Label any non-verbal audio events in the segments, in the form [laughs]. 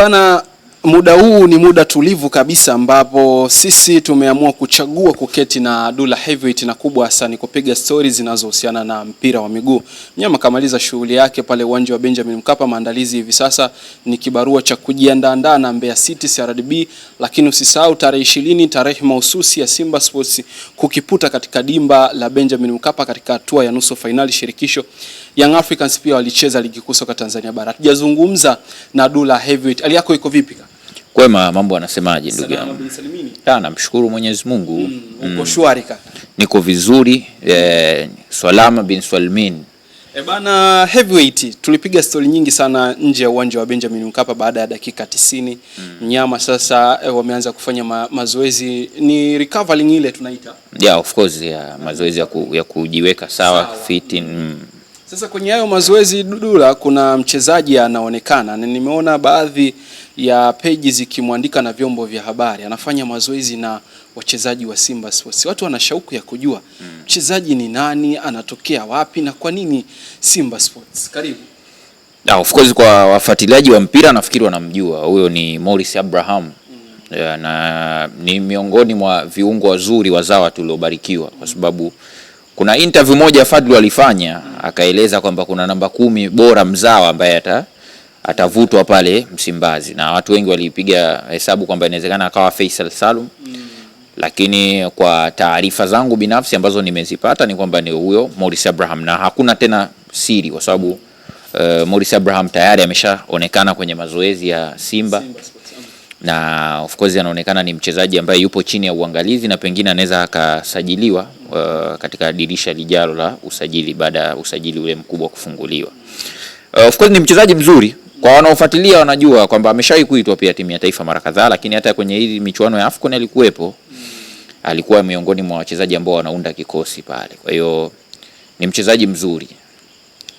bana, muda huu ni muda tulivu kabisa, ambapo sisi tumeamua kuchagua kuketi na Dula Heavyweight, na kubwa hasa ni kupiga stori zinazohusiana na mpira wa miguu. Mnyama kamaliza shughuli yake pale uwanja wa Benjamin Mkapa. Maandalizi hivi sasa ni kibarua cha kujiandaandaa na Mbeya City CRDB, lakini usisahau tarehe ishirini, tarehe mahususi ya Simba Sports kukiputa katika dimba la Benjamin Mkapa katika hatua ya nusu fainali shirikisho Young Africans pia walicheza ligi kuu soka Tanzania bara. Tujazungumza na Dula Heavyweight. Hali yako iko vipi? Kwema, mambo anasemaje ndugu yangu? Ah, namshukuru Mwenyezi Mungu. Mm, uko mm. shwari kaka? Niko vizuri eh, Salama bin Salmin. E eh, bana Heavyweight, tulipiga stori nyingi sana nje ya uwanja wa Benjamin Mkapa baada ya dakika tisini. Mm. Nyama sasa e, wameanza kufanya ma mazoezi ni recovering ile tunaita. Yeah, of course, yeah, mazoezi ya, ku, ya kujiweka sawa, sawa. Fit in, mm. Sasa kwenye hayo mazoezi Dudula, kuna mchezaji anaonekana na nimeona baadhi ya peji zikimwandika na vyombo vya habari, anafanya mazoezi na wachezaji wa Simba Sports. Watu wana shauku ya kujua hmm. mchezaji ni nani, anatokea wapi na kwa nini Simba Sports. Karibu. Na of course kwa wafuatiliaji wa mpira nafikiri wanamjua huyo ni Morris Abraham hmm. eh, na ni miongoni mwa viungo wazuri wazawa tuliobarikiwa kwa sababu kuna interview moja Fadlu alifanya akaeleza kwamba kuna namba kumi bora mzawa ambaye ata atavutwa pale Msimbazi, na watu wengi walipiga hesabu kwamba inawezekana akawa Faisal Salum mm. Lakini kwa taarifa zangu binafsi ambazo nimezipata ni kwamba ni huyo Morris Abraham, na hakuna tena siri kwa sababu uh, Morris Abraham tayari ameshaonekana kwenye mazoezi ya Simba, Simba na of course anaonekana ni mchezaji ambaye yupo chini ya uangalizi na pengine anaweza akasajiliwa uh, katika dirisha lijalo la usajili baada ya usajili ule mkubwa kufunguliwa. Uh, of course ni mchezaji mzuri kwa wanaofuatilia wanajua kwamba ameshawahi kuitwa pia timu ya taifa mara kadhaa, lakini hata kwenye hii michuano ya AFCON alikuwepo, alikuwa miongoni mwa wachezaji ambao wanaunda kikosi pale. Kwa hiyo ni mchezaji mzuri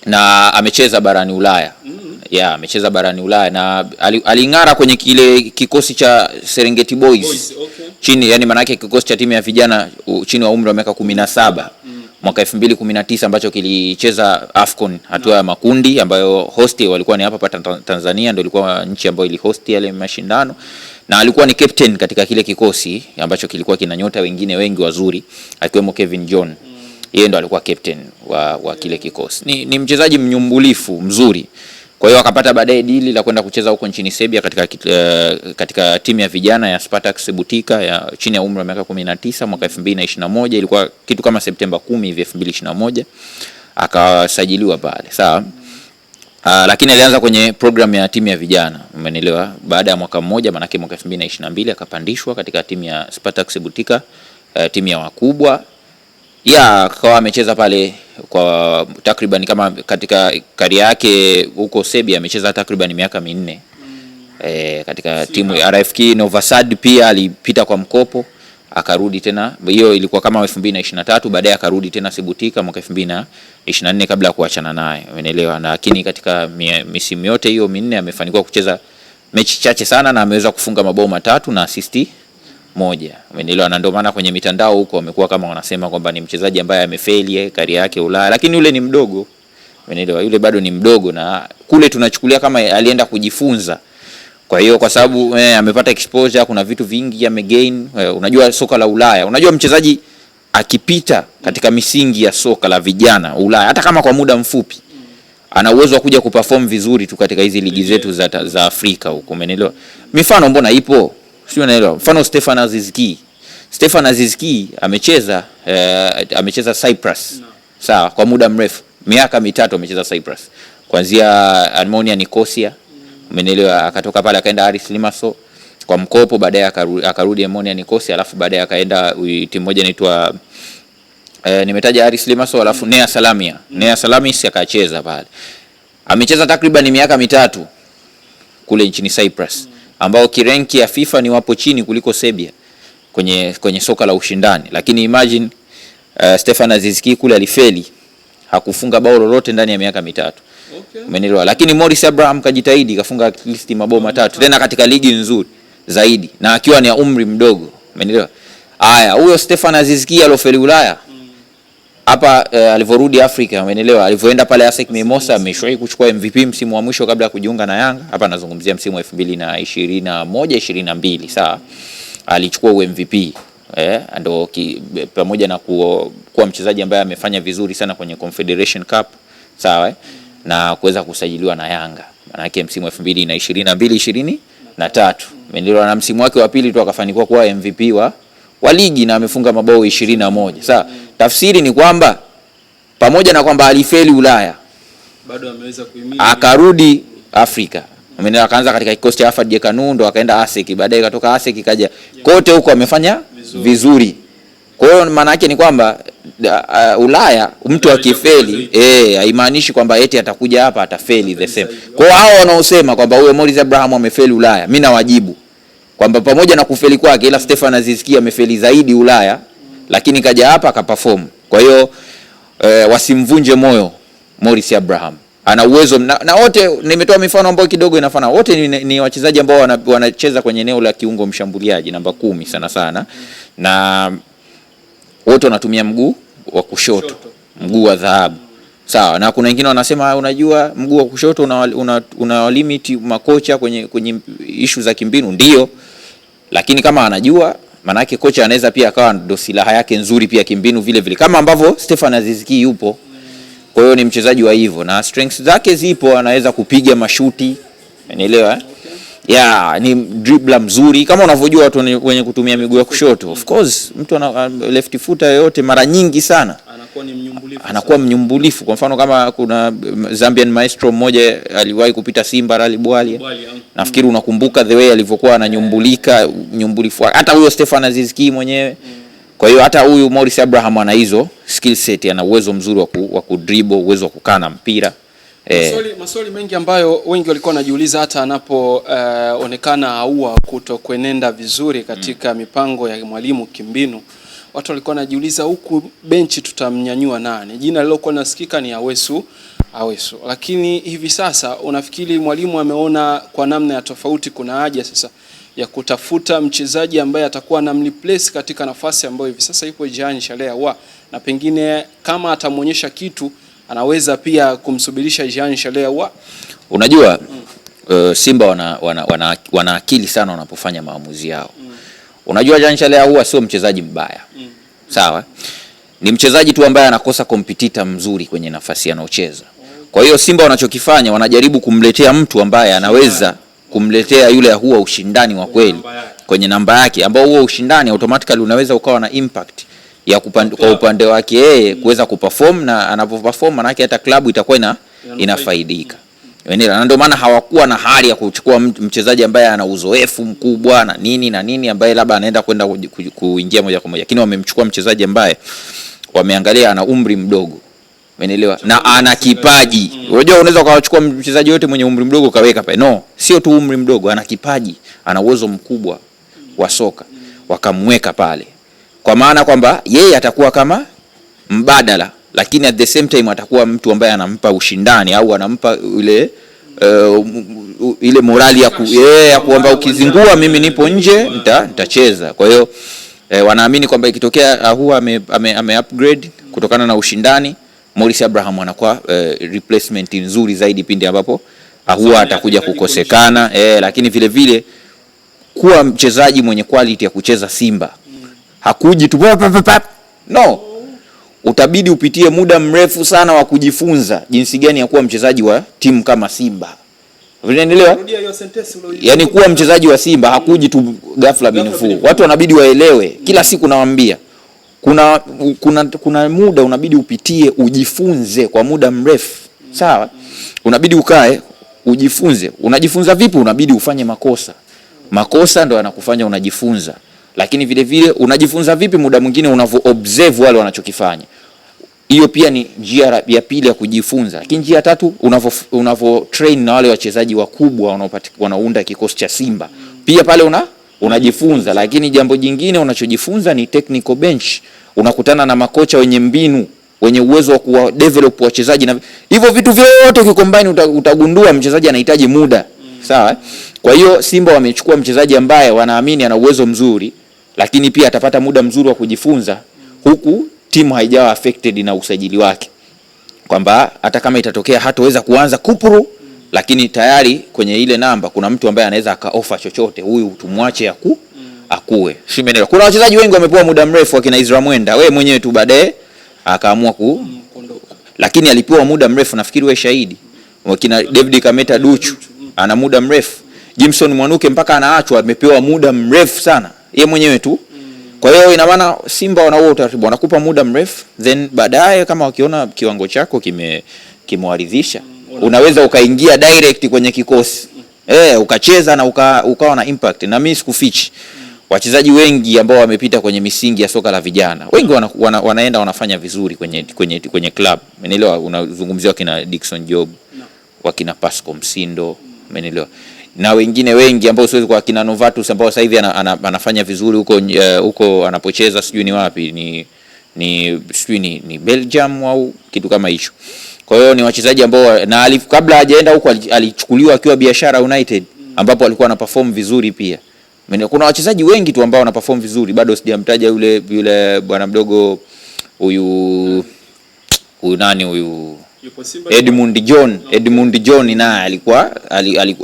na amecheza barani Ulaya ya mm-hmm. yeah, amecheza barani Ulaya na aling'ara kwenye kile kikosi cha Serengeti Boys, Boys okay chini, yani maana kikosi cha timu ya vijana chini wa umri wa miaka 17 mm. mwaka 2019 ambacho kilicheza Afcon hatua ya mm. makundi ambayo host walikuwa ni hapa pa Tanzania, ndio ilikuwa nchi ambayo ilihost yale mashindano na alikuwa ni captain katika kile kikosi ambacho kilikuwa kina nyota wengine wengi wazuri akiwemo Kevin John mm. yeye ndo alikuwa captain wa, wa kile kikosi. Ni, ni mchezaji mnyumbulifu mzuri kwa hiyo akapata baadaye dili la kwenda kucheza huko nchini Serbia katika, uh, katika timu ya vijana ya Spartak Subotica ya chini ya umri wa miaka 19 mwaka 2021, ilikuwa kitu kama Septemba 10 hivi 2021 akasajiliwa pale. Sawa. Uh, lakini alianza kwenye programu ya timu ya vijana, umeelewa? Baada ya mwaka mmoja, maanake mwaka 2022 akapandishwa katika timu ya Spartak Subotica, uh, eh, timu ya wakubwa ya akawa amecheza pale kwa takriban kama katika karia yake huko Serbia amecheza takriban miaka minne mm. e, katika Sina. timu ya RFK Novasad pia alipita kwa mkopo akarudi tena, hiyo ilikuwa kama 2023 baadaye akarudi tena Sibutika mwaka 2024 kabla ya kuachana naye, umeelewa. Lakini katika misimu yote hiyo minne amefanikiwa kucheza mechi chache sana na ameweza kufunga mabao matatu na asisti moja, umenielewa? Na ndio maana kwenye mitandao huko wamekuwa kama wanasema kwamba ni mchezaji ambaye amefeli eh, kari yake Ulaya, lakini yule ni mdogo, umenielewa? Yule bado ni mdogo, na kule tunachukulia kama alienda kujifunza. Kwa hiyo kwa sababu eh, amepata exposure, kuna vitu vingi amegain. Eh, unajua soka la Ulaya, unajua mchezaji akipita katika misingi ya soka la vijana Ulaya, hata kama kwa muda mfupi ana uwezo wa kuja kuperform vizuri tu katika hizi ligi zetu za, za Afrika huko, umeelewa? Mifano mbona ipo sio, naelewa. Mfano Stefan Aziz Stefan Aziz amecheza uh, amecheza Cyprus no. Sawa, kwa muda mrefu, miaka mitatu amecheza Cyprus, kuanzia Armonia Nicosia, umenielewa. Akatoka pale akaenda Aris limaso kwa mkopo, baadaye akarudi akarudi Armonia Nicosia, alafu baadaye akaenda timu moja inaitwa E, nimetaja Aris limaso alafu Nea Salamia. Mm. Nea Salamis akacheza pale. Amecheza takriban miaka mitatu kule nchini Cyprus. mm ambao kirenki ya FIFA ni wapo chini kuliko Serbia kwenye, kwenye soka la ushindani. Lakini imagine uh, Stefan Azizki kule alifeli hakufunga bao lolote ndani ya miaka mitatu. Okay. Umenielewa? Lakini Morris Abraham kajitahidi kafunga at least mabao matatu tena katika ligi nzuri zaidi na akiwa ni umri mdogo. Umenielewa? Haya, huyo Stefan Azizki alofeli Ulaya hapa uh, alivyorudi Afrika, umeelewa? Alivyoenda pale ASEC Mimosa ameshawahi kuchukua MVP msimu wa mwisho kabla ya kujiunga na Yanga. Hapa nazungumzia msimu wa 2021 22, sawa. Alichukua MVP eh, ndo pamoja na kuo, kuwa mchezaji ambaye amefanya vizuri sana kwenye Confederation Cup, sawa eh? na kuweza kusajiliwa na Yanga maana yake msimu wa 2022 23, umeelewa? Na msimu wake wa pili tu akafanikiwa kuwa MVP wa wa ligi na amefunga mabao 21. na moja. Sasa tafsiri ni kwamba pamoja na kwamba alifeli Ulaya bado ameweza kuhimili, akarudi Afrika Amenea akaanza katika kikosi cha Afad Jekanu ndo akaenda ASEC, baadaye katoka ASEC kaja kote huko amefanya vizuri, vizuri. Kwa hiyo maana yake ni kwamba uh, Ulaya mtu akifeli eh, haimaanishi kwamba eti atakuja hapa atafeli the same. Kwa hiyo hao wanaosema kwamba huyo Morris Abraham amefeli Ulaya, mimi nawajibu kwamba pamoja na kufeli kwake, ila Stefan Aziz amefeli zaidi Ulaya, lakini kaja hapa akaperform. Kwa hiyo e, wasimvunje moyo Morris Abraham, ana uwezo na, na wote nimetoa mifano ambayo kidogo inafana. Wote ni, ni wachezaji ambao wanacheza wana kwenye eneo la kiungo mshambuliaji namba kumi sana sana, na wote wanatumia mguu wa kushoto, mguu wa dhahabu Sawa na kuna wengine wanasema unajua, mguu wa kushoto una, una, una limit makocha kwenye, kwenye ishu za kimbinu. Ndio lakini kama anajua maanake kocha anaweza pia akawa ndo silaha yake nzuri pia kimbinu vile vile, kama ambavyo Stefan aziziki yupo. Kwa hiyo ni mchezaji wa hivyo na strengths zake zipo, anaweza kupiga mashuti, unaelewa eh? Yeah, ni dribbler mzuri kama unavyojua watu wenye kutumia miguu ya kushoto. Of course, mtu ana uh, left footer yoyote mara nyingi sana anakuwa ni mnyumbulifu, anakuwa mnyumbulifu. Kwa mfano kama kuna Zambian maestro mmoja aliwahi kupita Simba Rally Bwali, mm. nafikiri unakumbuka the way alivyokuwa ananyumbulika, nyumbulifu hata huyo Stefan Azizki mwenyewe mm. Kwa hiyo hata huyu Morris Abraham ana hizo skill set, ana uwezo mzuri wa wa kudribble, uwezo wa kukaa na mpira eh. maswali, eh, maswali mengi ambayo wengi walikuwa wanajiuliza hata anapoonekana eh, uh, aua kuto kuenenda vizuri katika mm. mipango ya mwalimu kimbinu watu walikuwa wanajiuliza huku benchi tutamnyanyua nani? Jina lilokuwa linasikika ni Awesu Awesu. Lakini hivi sasa unafikiri mwalimu ameona kwa namna ya tofauti, kuna haja sasa ya kutafuta mchezaji ambaye atakuwa anamreplace katika nafasi ambayo hivi sasa ipo Jean Shalea wa, na pengine kama atamwonyesha kitu anaweza pia kumsubirisha Jean Shalea wa. Unajua mm. uh, Simba wana, wana, wana, wana akili sana wanapofanya maamuzi yao mm. Unajua Jean Chalea huwa sio mchezaji mbaya mm. Sawa, ni mchezaji tu ambaye anakosa kompetita mzuri kwenye nafasi anaocheza. Kwa hiyo Simba wanachokifanya wanajaribu kumletea mtu ambaye anaweza kumletea yule huwa ushindani wa kweli kwenye namba yake, ambao huo ushindani automatically unaweza ukawa na impact ya kupande, kwa upande wake yeye kuweza kuperform na anapoperform, manake hata klabu itakuwa inafaidika. Unaelewa? Na ndio maana hawakuwa na hali ya kuchukua mchezaji ambaye ana uzoefu mkubwa na nini na nini ambaye labda anaenda kwenda kuingia moja kwa moja, lakini wamemchukua mchezaji ambaye wameangalia ana umri mdogo, umeelewa, na ana kipaji. Unajua, unaweza kuchukua mchezaji yote mwenye umri mdogo kaweka pale. No, sio tu umri mdogo, ana kipaji, ana uwezo mkubwa wa soka, wakamweka pale, kwa maana kwamba yeye atakuwa kama mbadala lakini at the same time atakuwa mtu ambaye anampa ushindani au anampa ile uh, ile morali ya, ku, yeah, ya kuomba ukizingua mimi nipo nje nitacheza nita. Kwa hiyo eh, wanaamini kwamba ikitokea huwa ame, ame, ame upgrade kutokana na ushindani, Morris Abraham anakuwa eh, replacement nzuri zaidi pindi ambapo huwa atakuja kukosekana eh, lakini vile vile kuwa mchezaji mwenye quality ya kucheza Simba hakuji tu no utabidi upitie muda mrefu sana wa kujifunza jinsi gani ya kuwa mchezaji wa timu kama Simba. Unaelewa? Yaani kuwa mchezaji wa Simba hakuji tu ghafla binufu. Watu wanabidi waelewe. Kila siku nawaambia kuna, kuna, kuna muda unabidi upitie ujifunze kwa muda mrefu. Sawa? Unabidi ukae ujifunze. Unajifunza vipi? Unabidi ufanye makosa. Makosa ndo yanakufanya unajifunza lakini vile vile unajifunza vipi muda mwingine unavyo observe wale wanachokifanya. Hiyo pia ni njia ya pili ya kujifunza, lakini njia tatu unavyo unavyo train na wale wachezaji wakubwa wanaounda kikosi cha Simba, pia pale una unajifunza. Lakini jambo jingine unachojifunza ni technical bench, unakutana na makocha wenye mbinu wenye uwezo wa kuwa develop wachezaji na hivyo vitu vyote ukikombine, utagundua mchezaji anahitaji muda. Sawa, kwa hiyo Simba wamechukua mchezaji ambaye wanaamini ana uwezo mzuri lakini pia atapata muda mzuri wa kujifunza, huku timu haijawa affected na usajili wake, kwamba hata kama itatokea hataweza kuanza kupuru, lakini tayari kwenye ile namba kuna mtu ambaye anaweza akaofa chochote, huyu tumwache aku akue. Shimenelewa. Kuna wachezaji wengi wamepewa muda mrefu akina Isra Mwenda, wewe mwenyewe tu baadaye akaamua ku lakini alipewa muda mrefu, nafikiri wewe shahidi. Wakina David Kameta Duchu ana muda mrefu, Jimson Mwanuke mpaka anaachwa amepewa muda mrefu sana ye mwenyewe tu. Kwa hiyo ina maana Simba wana huo utaratibu, wanakupa muda mrefu, then baadaye kama wakiona kiwango chako kime kimewaridhisha, mm. unaweza ukaingia direct kwenye kikosi mm. eh, ukacheza na uka, ukawa na impact. Na mimi sikufichi wachezaji wengi ambao wamepita kwenye misingi ya soka la vijana wengi wana, wana, wanaenda wanafanya vizuri kwenye, kwenye, kwenye club. Unaelewa, unazungumzia wakina Dickson Job wakina Pascal Msindo, mm. umeelewa? na wengine wengi ambao siwezi kwa kina Novatus ambao sasa hivi ana, ana, anafanya vizuri huko eh, huko uh, anapocheza sijui ni wapi ni ni sijui ni, ni Belgium au kitu kama hicho. Kwa hiyo ni wachezaji ambao na alif, kabla hajaenda huko alichukuliwa akiwa Biashara United ambapo alikuwa ana perform vizuri pia. Mene, Kuna wachezaji wengi tu ambao wana perform vizuri, bado sijamtaja yule yule bwana mdogo huyu huyu nani huyu Edmund John, Edmund John naye alikuwa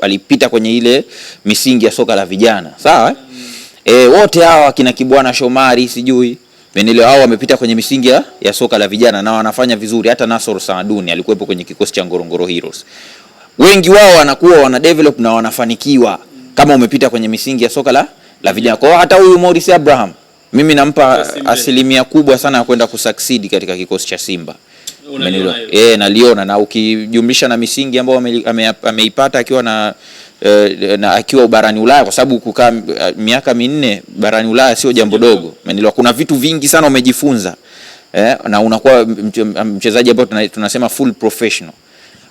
alipita kwenye ile misingi ya soka la vijana sawa. Mm. Eh, wote hawa wakina Kibwana Shomari sijui Benile hao wamepita kwenye misingi ya soka la vijana na wanafanya vizuri. Hata Nasor Saaduni alikuwepo kwenye kikosi cha Ngorongoro Heroes. Wengi wao wanakuwa wana develop na wanafanikiwa kama umepita kwenye misingi ya soka la, la vijana. Kwa hata huyu Morris Abraham mimi nampa asilimia kubwa sana ya kwenda kusucceed katika kikosi cha Simba. Eh, naliona na ukijumlisha na misingi ambayo ameipata akiwa na eh, na akiwa barani Ulaya kwa sababu kukaa eh, miaka minne barani Ulaya sio jambo dogo. Umeelewa? Kuna vitu vingi sana umejifunza eh, na unakuwa mchezaji ambaye tunasema full professional.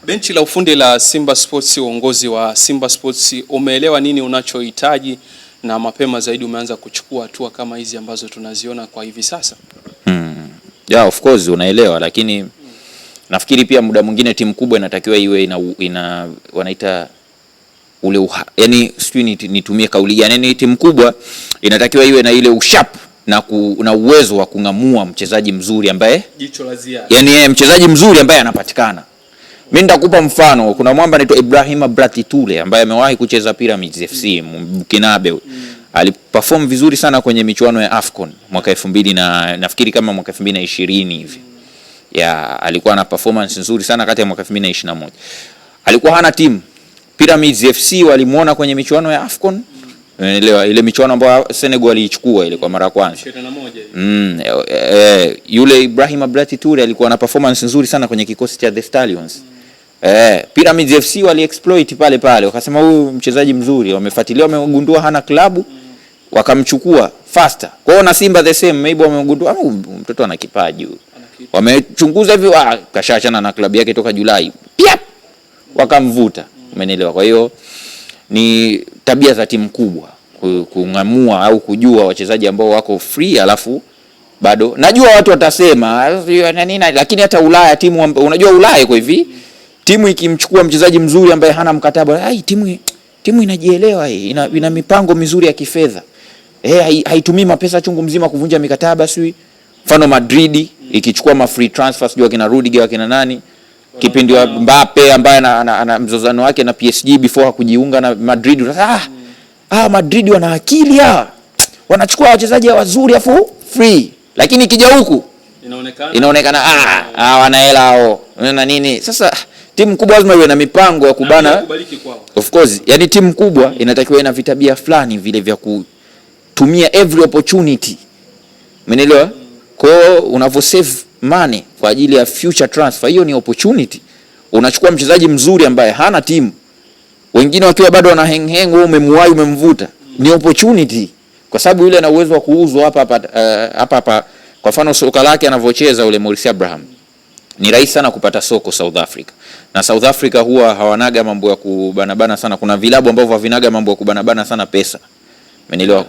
Benchi la ufundi la Simba Sports, uongozi wa Simba Sports umeelewa nini unachohitaji, na mapema zaidi umeanza kuchukua hatua kama hizi ambazo tunaziona kwa hivi sasa? Hmm. Yeah, of course unaelewa lakini Nafikiri pia muda mwingine timu kubwa inatakiwa iwe ina, ina wanaita ule uha, yani sijui nitumie kauli gani, ni timu kubwa inatakiwa iwe na ile ushap na, ku, na uwezo wa kung'amua mchezaji mzuri ambaye jicho la ziada, yani mchezaji mzuri ambaye anapatikana. Mimi nitakupa mfano, kuna mwamba anaitwa Ibrahima Bratitule ambaye amewahi kucheza Pyramids FC Bukinabe mm. mm. aliperform vizuri sana kwenye michuano ya Afcon mwaka 2000 na nafikiri kama mwaka 2020 hivi mm ya alikuwa na performance nzuri sana kati ya mwaka 2021. Alikuwa hana timu. Pyramids FC walimuona kwenye michuano ya AFCON. Unaelewa ile michuano ambayo Senegal aliichukua ile kwa mara ya kwanza. Mm, e, e, yule Ibrahim Ablati Toure alikuwa na performance nzuri sana kwenye kikosi cha The Stallions. Mm. Eh, Pyramids FC wali exploit pale pale, wakasema huyu mchezaji mzuri, wamefuatilia, wamegundua hana klabu, wakamchukua faster. Kwa hiyo na Simba the same, maybe wamegundua ah, mtoto ana kipaji huyu wamechunguza hivi, ah, kashaachana na klabu yake toka Julai, pia wakamvuta. Umenielewa? Kwa hiyo ni tabia za timu kubwa kung'amua au kujua wachezaji ambao wako free, alafu bado najua watu watasema nini, lakini hata Ulaya timu, unajua Ulaya kwa hivi, timu ikimchukua mchezaji mzuri ambaye hana mkataba, ai, timu timu inajielewa hii, ina, ina mipango mizuri ya kifedha eh, haitumii mapesa chungu mzima kuvunja mikataba sio Mfano Madrid ikichukua ma free transfer sio akina Rudiger akina nani kipindi wa Mbappe ambaye ana ana, ana mzozano wake na PSG before hakujiunga na Madrid. Ah, ah Madrid wana akili ah. Wanachukua wachezaji wazuri afu free. Lakini ikija huku inaonekana inaonekana ah, ah wana hela hao. Na nini? Sasa timu kubwa lazima iwe na mipango ya kubana. Of course, yani timu kubwa inatakiwa ina vitabia fulani vile vya kutumia every opportunity. Umeelewa? Kwa hiyo unavyo save money kwa ajili ya future transfer, hiyo ni opportunity. Unachukua mchezaji mzuri ambaye hana timu, wengine wakiwa bado wana hang hang, wewe umemwahi, umemvuta, ni opportunity kwa sababu yule ana uwezo wa kuuzwa hapa hapa eh, hapa hapa. Kwa mfano soka lake anavyocheza ule Maurice Abraham ni rahisi sana kupata soko South Africa, na South Africa huwa hawanaga mambo ya kubanabana sana. Kuna vilabu ambavyo havinaga mambo ya kubanabana sana pesa, umeelewa?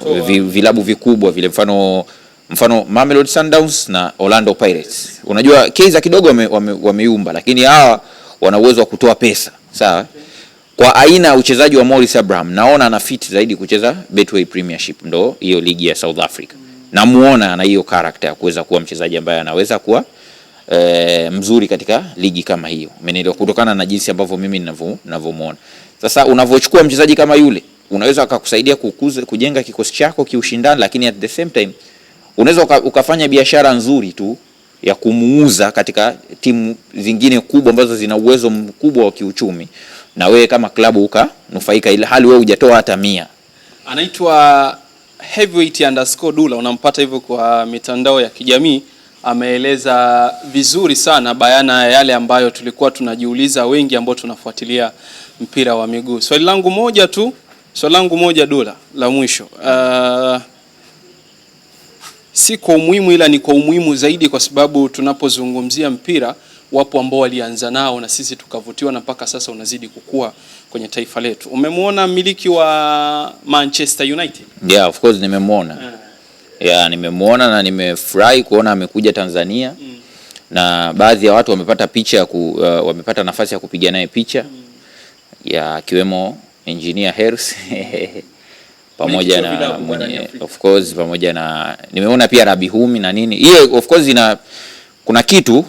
Vilabu vikubwa vile mfano mfano Mamelodi Sundowns na Orlando Pirates. Unajua Kaizer kidogo wameumba wame, wame lakini hawa wana uwezo wa kutoa pesa sawa. Kwa aina ya uchezaji wa Morris Abraham naona ana fit zaidi kucheza Betway Premiership, ndo hiyo ligi ya South Africa. Namuona ana hiyo character ya kuweza kuwa mchezaji ambaye anaweza kuwa e, mzuri katika ligi kama hiyo, umeelewa, kutokana na jinsi ambavyo mimi ninavyomuona. Sasa unavyochukua mchezaji kama yule, unaweza akakusaidia kukuza kujenga kikosi chako kiushindani, lakini at the same time Unaweza uka, ukafanya biashara nzuri tu ya kumuuza katika timu zingine kubwa ambazo zina uwezo mkubwa wa kiuchumi, na wewe kama klabu ukanufaika, ila hali wewe hujatoa hata mia. Anaitwa Heavyweight underscore Dula, unampata hivyo kwa mitandao ya kijamii. Ameeleza vizuri sana bayana ya yale ambayo tulikuwa tunajiuliza wengi ambao tunafuatilia mpira wa miguu. Swali langu moja tu, swali langu moja Dula la mwisho uh, si kwa umuhimu, ila ni kwa umuhimu zaidi, kwa sababu tunapozungumzia mpira wapo ambao walianza nao na sisi tukavutiwa, na mpaka sasa unazidi kukua kwenye taifa letu. Umemwona mmiliki wa Manchester United? Yeah, of course nimemwona. Yeah. Yeah, nimemwona na nimefurahi kuona amekuja Tanzania mm. na baadhi ya watu wamepata picha ku, uh, wamepata nafasi ya kupiga naye picha mm. ya yeah, akiwemo engineer Hersi [laughs] pamoja na mwenye, of course pamoja na nimeona pia Rabi Humi na nini, hiyo of course ina kuna kitu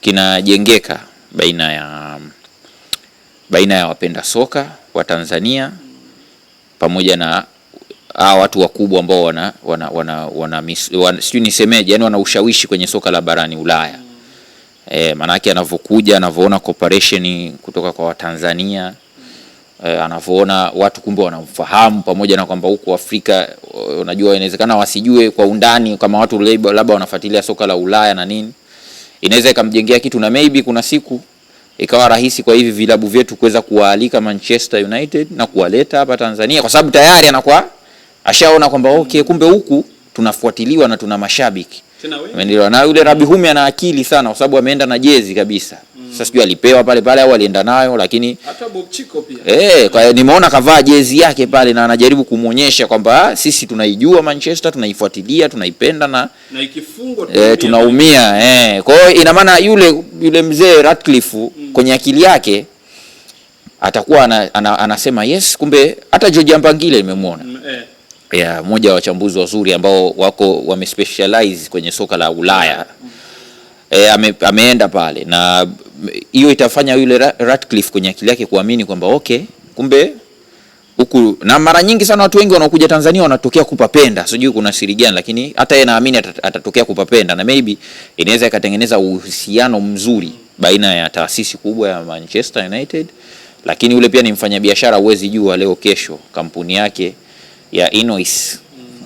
kinajengeka baina ya baina ya wapenda soka wa Tanzania pamoja na hawa watu wakubwa ambao wana wana wana, wana, wana sijui nisemeje, yani wana ushawishi kwenye soka la barani Ulaya. E, maanake anavyokuja anavyoona cooperation kutoka kwa Watanzania eh, anavyoona watu kumbe wanamfahamu, pamoja na kwamba huku Afrika eh, unajua inawezekana wasijue kwa undani kama watu labda wanafuatilia soka la Ulaya na nini, inaweza ikamjengea kitu na maybe kuna siku ikawa rahisi kwa hivi vilabu vyetu kuweza kuwaalika Manchester United na kuwaleta hapa Tanzania, kwa sababu tayari anakuwa ashaona kwamba okay, kumbe huku tunafuatiliwa na tuna mashabiki. Na yule Rabi Humi ana akili sana, kwa sababu ameenda na jezi kabisa. Sasa sijui alipewa pale pale au alienda nayo, lakini hata Bob pia eh, kwa nimeona kavaa jezi yake pale na anajaribu kumuonyesha kwamba ah, sisi tunaijua Manchester, tunaifuatilia, tunaipenda na na ikifungwa eh, tunaumia eh. Kwa hiyo ina maana yule yule mzee Ratcliffe mm. kwenye akili yake atakuwa ana, ana, anasema yes, kumbe hata George Ambangile nimemuona mm, eh ya yeah, mmoja wa wachambuzi wazuri ambao wako wamespecialize kwenye soka la Ulaya mm e, ame, ameenda pale na hiyo itafanya yule Ratcliffe kwenye akili yake kuamini kwamba okay, kumbe huku. Na mara nyingi sana watu wengi wanaokuja Tanzania wanatokea kupapenda, sijui kuna siri gani, lakini hata yeye naamini atatokea kupapenda, na maybe inaweza ikatengeneza uhusiano mzuri baina ya taasisi kubwa ya Manchester United, lakini ule pia ni mfanyabiashara, uwezi jua leo kesho kampuni yake ya Innois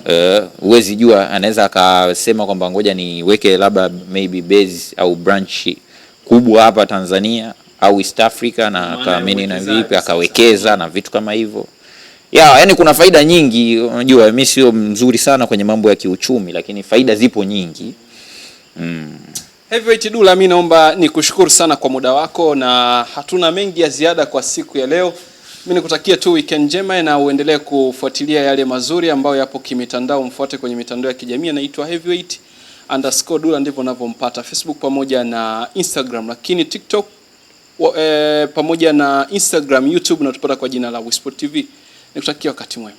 Eh, huwezi uh, jua, anaweza akasema kwamba ngoja niweke labda maybe base au branch kubwa hapa Tanzania au East Africa na kaamini na vipi akawekeza na vitu kama hivyo ya, yani kuna faida nyingi. Unajua mimi sio mzuri sana kwenye mambo ya kiuchumi, lakini faida zipo nyingi mm. Heavyweight Dula, mimi naomba nikushukuru sana kwa muda wako na hatuna mengi ya ziada kwa siku ya leo. Mimi nikutakia tu weekend njema na uendelee kufuatilia yale mazuri ambayo yapo kimitandao, mfuate kwenye mitandao ya kijamii anaitwa Heavyweight underscore Dulla, ndivyo unavyompata Facebook pamoja na Instagram, lakini TikTok wa, e, pamoja na Instagram, YouTube unatupata kwa jina la WISPORT TV. Nikutakia wakati mwema.